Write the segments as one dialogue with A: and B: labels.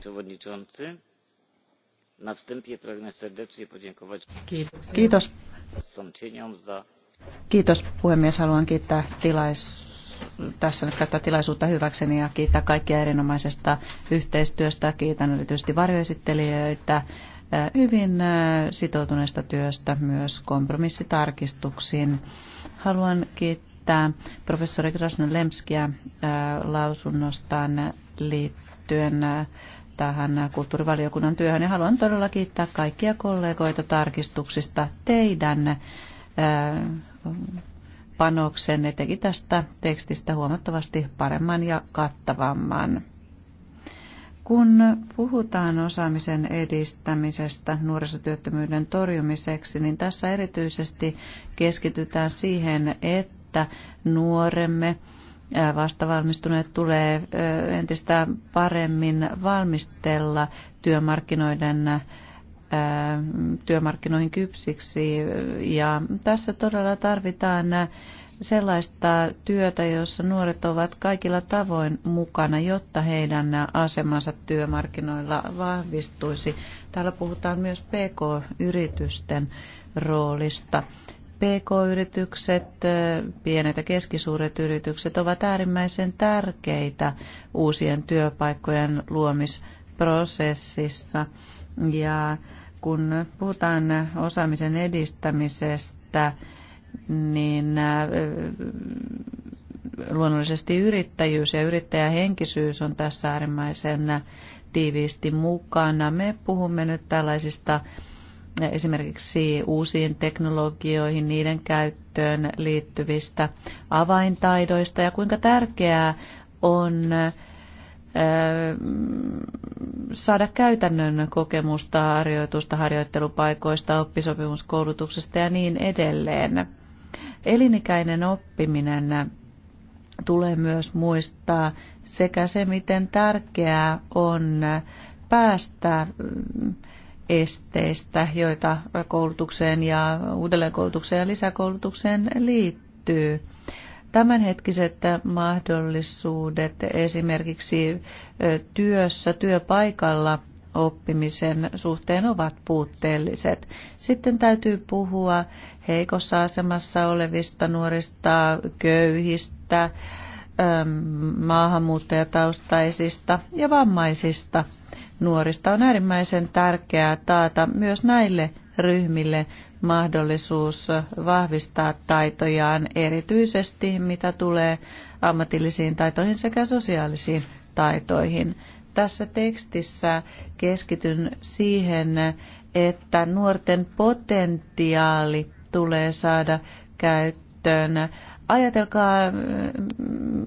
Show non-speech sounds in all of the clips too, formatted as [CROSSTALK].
A: przewodniczący. Na wstępie pragnę serdecznie podziękować Kiitos.
B: Kiitos puhemies. Haluan kiittää tilais tässä nyt käyttää tilaisuutta hyväkseni ja kiittää kaikkia erinomaisesta yhteistyöstä. Kiitän erityisesti varjoesittelijöitä eh, hyvin eh, sitoutuneesta työstä myös kompromissitarkistuksiin. Haluan kiittää professori Krasna Lemskiä eh, lausunnostaan liittyen tähän kulttuurivaliokunnan työhön. Ja haluan todella kiittää kaikkia kollegoita tarkistuksista. Teidän panoksen etenkin tästä tekstistä huomattavasti paremman ja kattavamman. Kun puhutaan osaamisen edistämisestä nuorisotyöttömyyden torjumiseksi, niin tässä erityisesti keskitytään siihen, että nuoremme vastavalmistuneet tulee entistä paremmin valmistella työmarkkinoiden työmarkkinoihin kypsiksi. Ja tässä todella tarvitaan sellaista työtä, jossa nuoret ovat kaikilla tavoin mukana, jotta heidän asemansa työmarkkinoilla vahvistuisi. Täällä puhutaan myös PK-yritysten roolista. PK-yritykset, pienet ja keskisuuret yritykset ovat äärimmäisen tärkeitä uusien työpaikkojen luomisprosessissa. Ja kun puhutaan osaamisen edistämisestä, niin luonnollisesti yrittäjyys ja yrittäjähenkisyys on tässä äärimmäisen tiiviisti mukana. Me puhumme nyt tällaisista esimerkiksi uusiin teknologioihin, niiden käyttöön liittyvistä avaintaidoista ja kuinka tärkeää on saada käytännön kokemusta harjoitusta, harjoittelupaikoista, oppisopimuskoulutuksesta ja niin edelleen. Elinikäinen oppiminen tulee myös muistaa sekä se, miten tärkeää on päästä esteistä, joita koulutukseen ja uudelleenkoulutukseen ja lisäkoulutukseen liittyy. Tämänhetkiset mahdollisuudet esimerkiksi työssä, työpaikalla oppimisen suhteen ovat puutteelliset. Sitten täytyy puhua heikossa asemassa olevista nuorista, köyhistä, Ähm, maahanmuuttajataustaisista ja vammaisista nuorista. On äärimmäisen tärkeää taata myös näille ryhmille mahdollisuus vahvistaa taitojaan, erityisesti mitä tulee ammatillisiin taitoihin sekä sosiaalisiin taitoihin. Tässä tekstissä keskityn siihen, että nuorten potentiaali tulee saada käyttöön Ajatelkaa,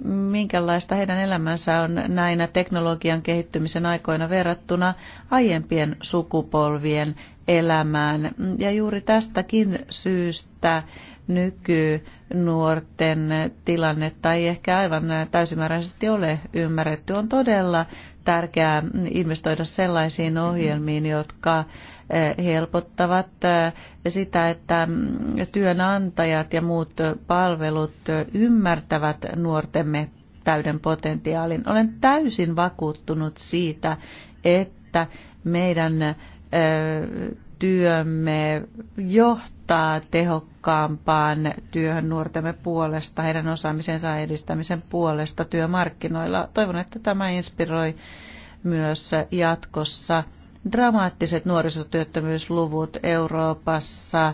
B: minkälaista heidän elämänsä on näinä teknologian kehittymisen aikoina verrattuna aiempien sukupolvien elämään. Ja juuri tästäkin syystä nykynuorten tilannetta ei ehkä aivan täysimääräisesti ole ymmärretty. On todella tärkeää investoida sellaisiin ohjelmiin, jotka eh, helpottavat eh, sitä, että mm, työnantajat ja muut palvelut eh, ymmärtävät nuortemme täyden potentiaalin. Olen täysin vakuuttunut siitä, että meidän työmme johtaa tehokkaampaan työhön nuortemme puolesta, heidän osaamisensa edistämisen puolesta työmarkkinoilla. Toivon, että tämä inspiroi myös jatkossa. Dramaattiset nuorisotyöttömyysluvut Euroopassa äh,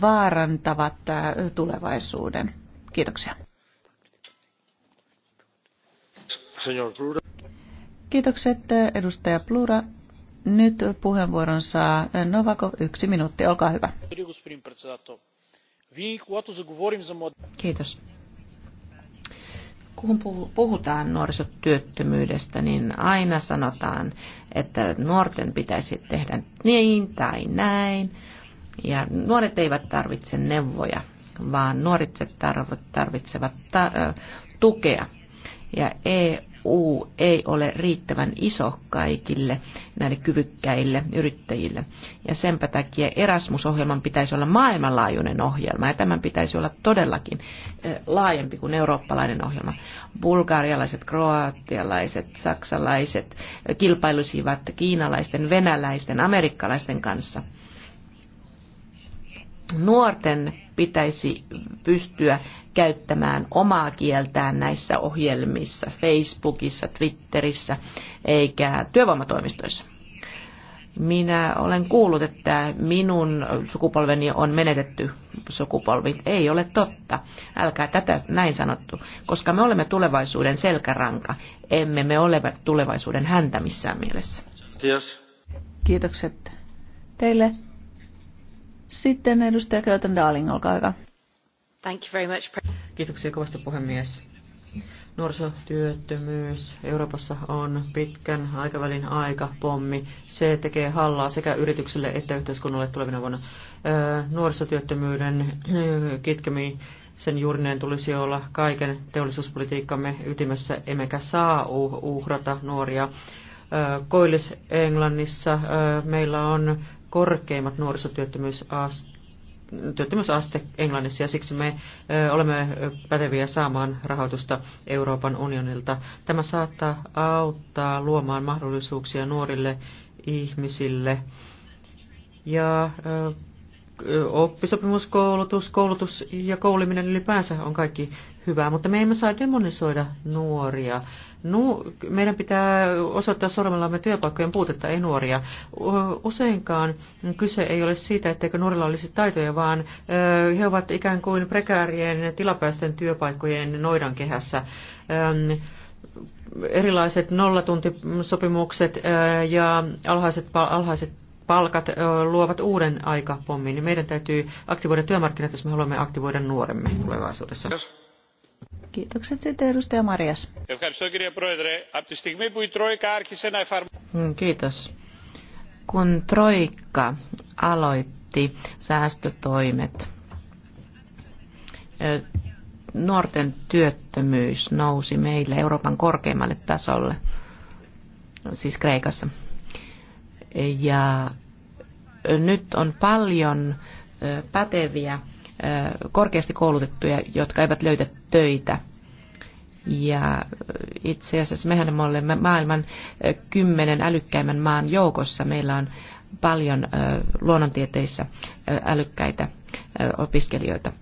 B: vaarantavat äh, tulevaisuuden. Kiitoksia. Kiitokset äh, edustaja Plura. Nyt puheenvuoron saa Novako, yksi minuutti, olkaa hyvä.
A: Kiitos. Kun puhutaan nuorisotyöttömyydestä, niin aina sanotaan, että nuorten pitäisi tehdä niin tai näin. Ja nuoret eivät tarvitse neuvoja, vaan nuoret tarvitsevat tukea. Ja EU EU ei ole riittävän iso kaikille näille kyvykkäille yrittäjille. Ja senpä takia Erasmus-ohjelman pitäisi olla maailmanlaajuinen ohjelma ja tämän pitäisi olla todellakin laajempi kuin eurooppalainen ohjelma. Bulgarialaiset, kroatialaiset, saksalaiset kilpailisivat kiinalaisten, venäläisten, amerikkalaisten kanssa – nuorten pitäisi pystyä käyttämään omaa kieltään näissä ohjelmissa, Facebookissa, Twitterissä eikä työvoimatoimistoissa. Minä olen kuullut, että minun sukupolveni on menetetty sukupolvi. Ei ole totta. Älkää tätä näin sanottu, koska me olemme tulevaisuuden selkäranka. Emme me ole tulevaisuuden häntä missään mielessä. Kiitos. Kiitokset
B: teille. Sitten edustaja Köytön Darling, olkaa hyvä.
C: Thank you very much. Kiitoksia kovasti puhemies. Nuorisotyöttömyys Euroopassa on pitkän aikavälin aika pommi. Se tekee hallaa sekä yritykselle että yhteiskunnalle tulevina vuonna. Nuorisotyöttömyyden [CLEARS THROAT] kitkemiin sen juurineen tulisi olla kaiken teollisuuspolitiikkamme ytimessä, emmekä saa uhrata nuoria. Koillis-Englannissa meillä on korkeimmat nuorisotyöttömyysaste Englannissa ja siksi me olemme päteviä saamaan rahoitusta Euroopan unionilta. Tämä saattaa auttaa luomaan mahdollisuuksia nuorille ihmisille. Ja oppisopimuskoulutus, koulutus ja kouliminen ylipäänsä on kaikki hyvää, mutta me emme saa demonisoida nuoria. Nu, meidän pitää osoittaa sormellamme työpaikkojen puutetta, ei nuoria. Useinkaan kyse ei ole siitä, etteikö nuorilla olisi taitoja, vaan he ovat ikään kuin prekäärien tilapäisten työpaikkojen noidan kehässä. Erilaiset nollatuntisopimukset ja alhaiset, alhaiset palkat luovat uuden aikapommin. Meidän täytyy aktivoida työmarkkinat, jos me haluamme aktivoida nuoremme tulevaisuudessa. Kiitokset
B: sitten edustaja Marias.
A: Mm, kiitos. Kun Troikka aloitti säästötoimet, nuorten työttömyys nousi meille Euroopan korkeimmalle tasolle, siis Kreikassa. Ja nyt on paljon päteviä korkeasti koulutettuja, jotka eivät löydä töitä. Ja itse asiassa mehän me olemme maailman kymmenen älykkäimmän maan joukossa. Meillä on paljon luonnontieteissä älykkäitä opiskelijoita.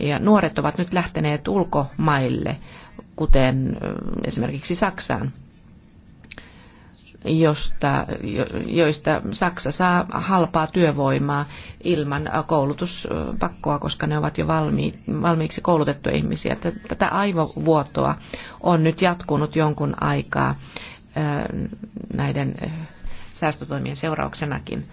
A: Ja nuoret ovat nyt lähteneet ulkomaille, kuten esimerkiksi Saksaan josta, joista Saksa saa halpaa työvoimaa ilman koulutuspakkoa, koska ne ovat jo valmi, valmiiksi koulutettuja ihmisiä. Tätä aivovuotoa on nyt jatkunut jonkun aikaa näiden säästötoimien seurauksenakin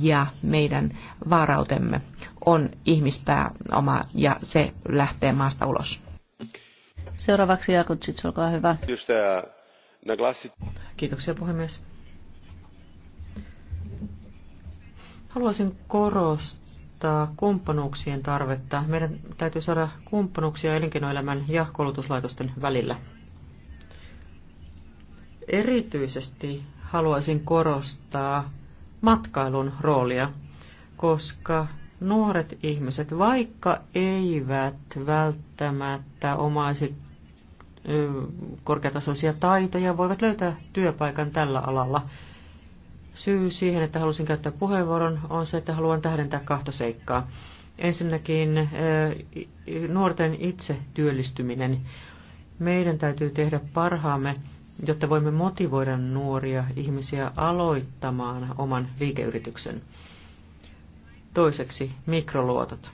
A: ja meidän vaarautemme on ihmispääoma ja se lähtee maasta ulos. Seuraavaksi Jakutsits, olkaa hyvä.
C: uh naglasiti... Kiitoksia puhemies. Haluaisin korostaa kumppanuuksien tarvetta. Meidän täytyy saada kumppanuuksia elinkeinoelämän ja koulutuslaitosten välillä. Erityisesti haluaisin korostaa matkailun roolia, koska nuoret ihmiset, vaikka eivät välttämättä omaisi korkeatasoisia taitoja, voivat löytää työpaikan tällä alalla. Syy siihen, että halusin käyttää puheenvuoron, on se, että haluan tähdentää kahta seikkaa. Ensinnäkin nuorten itse työllistyminen. Meidän täytyy tehdä parhaamme, jotta voimme motivoida nuoria ihmisiä aloittamaan oman liikeyrityksen. Toiseksi mikroluotot.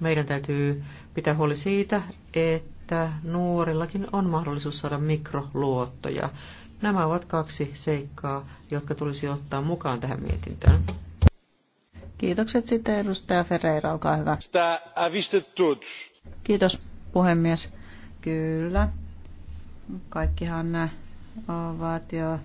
C: Meidän täytyy pitää huoli siitä, että että nuorillakin on mahdollisuus saada mikroluottoja. Nämä ovat kaksi seikkaa, jotka tulisi ottaa mukaan tähän mietintöön.
B: Kiitokset sitten edustaja Ferreira, olkaa hyvä. Kiitos puhemies. Kyllä, kaikkihan ovat jo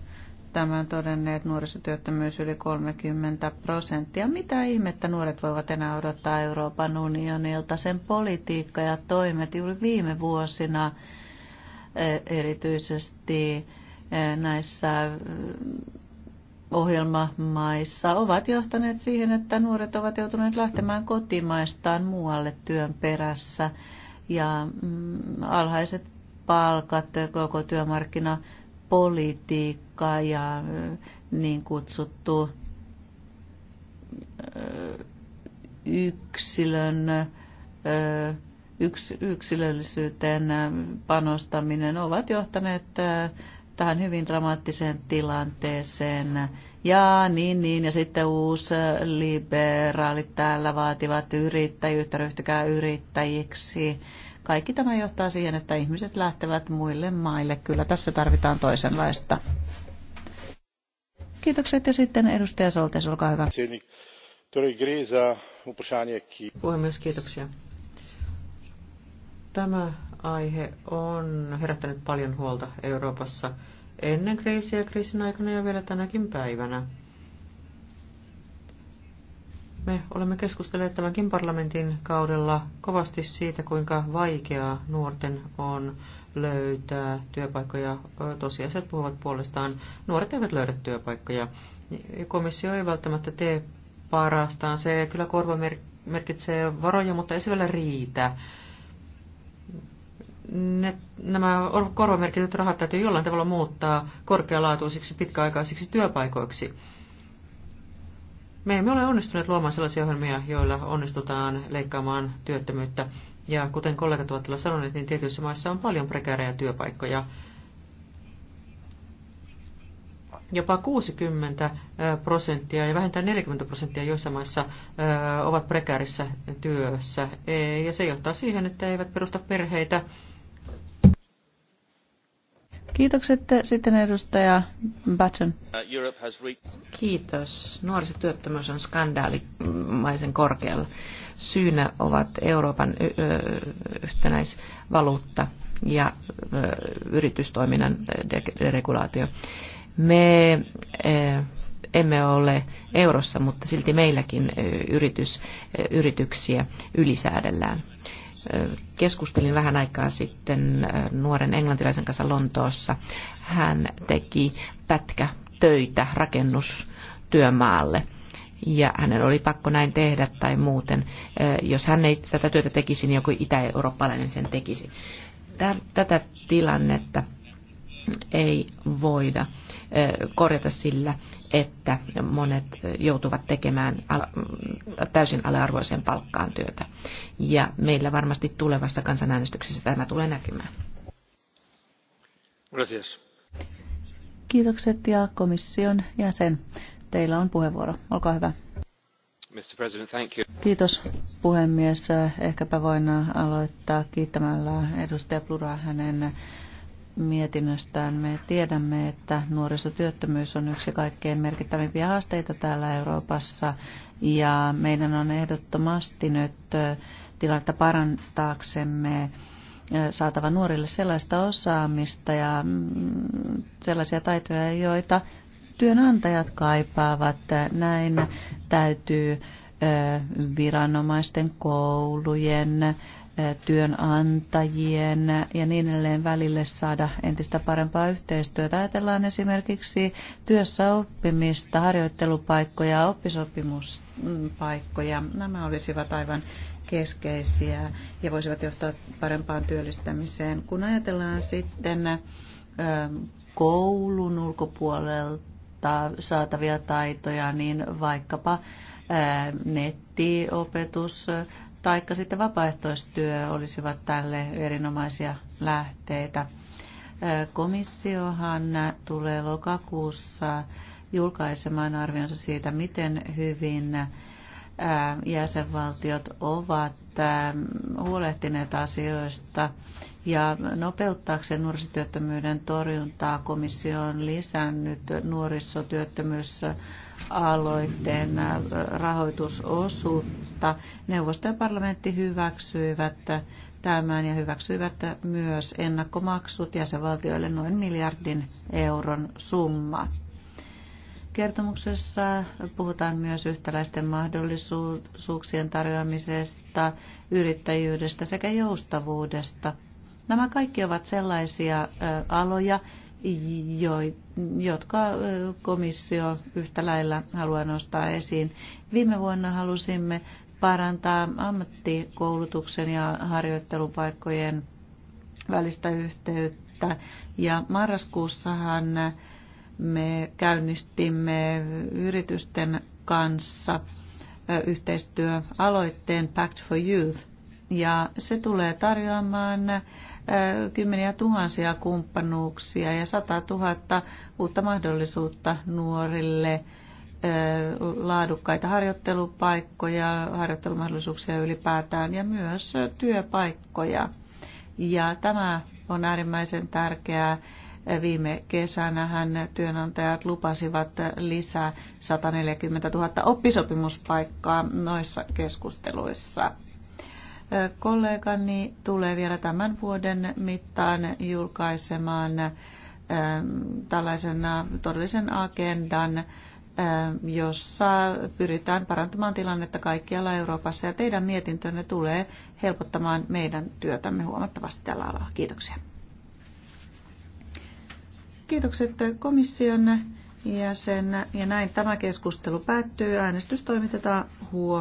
B: tämän todenneet nuorisotyöttömyys yli 30 prosenttia. Mitä ihmettä nuoret voivat enää odottaa Euroopan unionilta? Sen politiikka ja toimet juuri viime vuosina e, erityisesti e, näissä mm, ohjelmamaissa ovat johtaneet siihen, että nuoret ovat joutuneet lähtemään kotimaistaan muualle työn perässä ja mm, alhaiset palkat koko työmarkkina politiikkaa ja niin kutsuttu yksilön, yks, yksilöllisyyteen panostaminen ovat johtaneet tähän hyvin dramaattiseen tilanteeseen. Ja niin, niin, ja sitten liberaalit täällä vaativat yrittäjyyttä, ryhtykää yrittäjiksi kaikki tämä johtaa siihen, että ihmiset lähtevät muille maille. Kyllä tässä tarvitaan toisenlaista. Kiitokset ja sitten edustaja
C: Soltes, olkaa hyvä. Puhemies, kiitoksia. Tämä aihe on herättänyt paljon huolta Euroopassa ennen kriisiä, kriisin aikana ja vielä tänäkin päivänä. Me olemme keskustelleet tämänkin parlamentin kaudella kovasti siitä, kuinka vaikeaa nuorten on löytää työpaikkoja. Tosiasiat puhuvat puolestaan. Nuoret eivät löydä työpaikkoja. Komissio ei välttämättä tee parastaan. Se kyllä korva merkitsee varoja, mutta ei se vielä riitä. Ne, nämä korvamerkityt rahat täytyy jollain tavalla muuttaa korkealaatuisiksi pitkäaikaisiksi työpaikoiksi me emme ole onnistuneet luomaan sellaisia ohjelmia, joilla onnistutaan leikkaamaan työttömyyttä. Ja kuten kollegat ovat sanoneet, niin tietyissä maissa on paljon prekäärejä työpaikkoja. Jopa 60 prosenttia ja vähintään 40 prosenttia joissain maissa ovat prekäärissä työssä. E, ja se johtaa siihen, että eivät perusta perheitä
B: Kiitokset sitten edustaja Batten.
A: Kiitos. Nuorisotyöttömyys on skandaalimaisen korkealla. Syynä ovat Euroopan yhtenäisvaluutta ja yritystoiminnan deregulaatio. Me emme ole eurossa, mutta silti meilläkin yritys, yrityksiä ylisäädellään keskustelin vähän aikaa sitten äh, nuoren englantilaisen kanssa Lontoossa. Hän teki pätkä töitä rakennustyömaalle ja hänen oli pakko näin tehdä tai muuten. Äh, jos hän ei tätä työtä tekisi, niin joku itä-eurooppalainen sen tekisi. Tätä tilannetta ei voida äh, korjata sillä, että monet joutuvat tekemään täysin aliarvoiseen palkkaan työtä. Ja meillä varmasti tulevassa kansanäänestyksessä tämä tulee näkymään. Gracias.
B: Kiitokset ja komission jäsen. Teillä on puheenvuoro. Olkaa hyvä.
A: Mr. President, thank you. Kiitos
B: puhemies. Ehkäpä voin aloittaa kiittämällä edustaja Plura hänen mietinnöstään. Me tiedämme, että nuorisotyöttömyys on yksi kaikkein merkittävimpiä haasteita täällä Euroopassa ja meidän on ehdottomasti nyt tilannetta parantaaksemme saatava nuorille sellaista osaamista ja mm, sellaisia taitoja, joita työnantajat kaipaavat. Näin täytyy viranomaisten koulujen työnantajien ja niin edelleen välille saada entistä parempaa yhteistyötä. Ajatellaan esimerkiksi työssäoppimista, harjoittelupaikkoja, oppisopimuspaikkoja. Nämä olisivat aivan keskeisiä ja voisivat johtaa parempaan työllistämiseen. Kun ajatellaan sitten koulun ulkopuolelta saatavia taitoja, niin vaikkapa nettiopetus, taikka sitten vapaaehtoistyö olisivat tälle erinomaisia lähteitä. Komissiohan tulee lokakuussa julkaisemaan arvionsa siitä, miten hyvin jäsenvaltiot ovat huolehtineet asioista ja nopeuttaakseen nuorisotyöttömyyden torjuntaa komissio on lisännyt nuorisotyöttömyysaloitteen rahoitusosuutta. Neuvosto ja parlamentti hyväksyivät tämän ja hyväksyivät myös ennakkomaksut jäsenvaltioille noin miljardin euron summa. Kertomuksessa puhutaan myös yhtäläisten mahdollisuuksien tarjoamisesta, yrittäjyydestä sekä joustavuudesta. Nämä kaikki ovat sellaisia aloja, jotka komissio yhtä lailla haluaa nostaa esiin. Viime vuonna halusimme parantaa ammattikoulutuksen ja harjoittelupaikkojen välistä yhteyttä. Ja marraskuussahan me käynnistimme yritysten kanssa yhteistyöaloitteen Pact for Youth, ja se tulee tarjoamaan kymmeniä tuhansia kumppanuuksia ja sata tuhatta uutta mahdollisuutta nuorille laadukkaita harjoittelupaikkoja, harjoittelumahdollisuuksia ylipäätään ja myös työpaikkoja. Ja tämä on äärimmäisen tärkeää Viime kesänä hän työnantajat lupasivat lisää 140 000 oppisopimuspaikkaa noissa keskusteluissa. Kollegani tulee vielä tämän vuoden mittaan julkaisemaan ähm, tällaisen äh, todellisen agendan, äh, jossa pyritään parantamaan tilannetta kaikkialla Euroopassa ja teidän mietintönne tulee helpottamaan meidän työtämme huomattavasti tällä alalla. Kiitoksia. Kiitokset komission jäsen. Ja näin tämä keskustelu päättyy. Äänestys toimitetaan huomenna.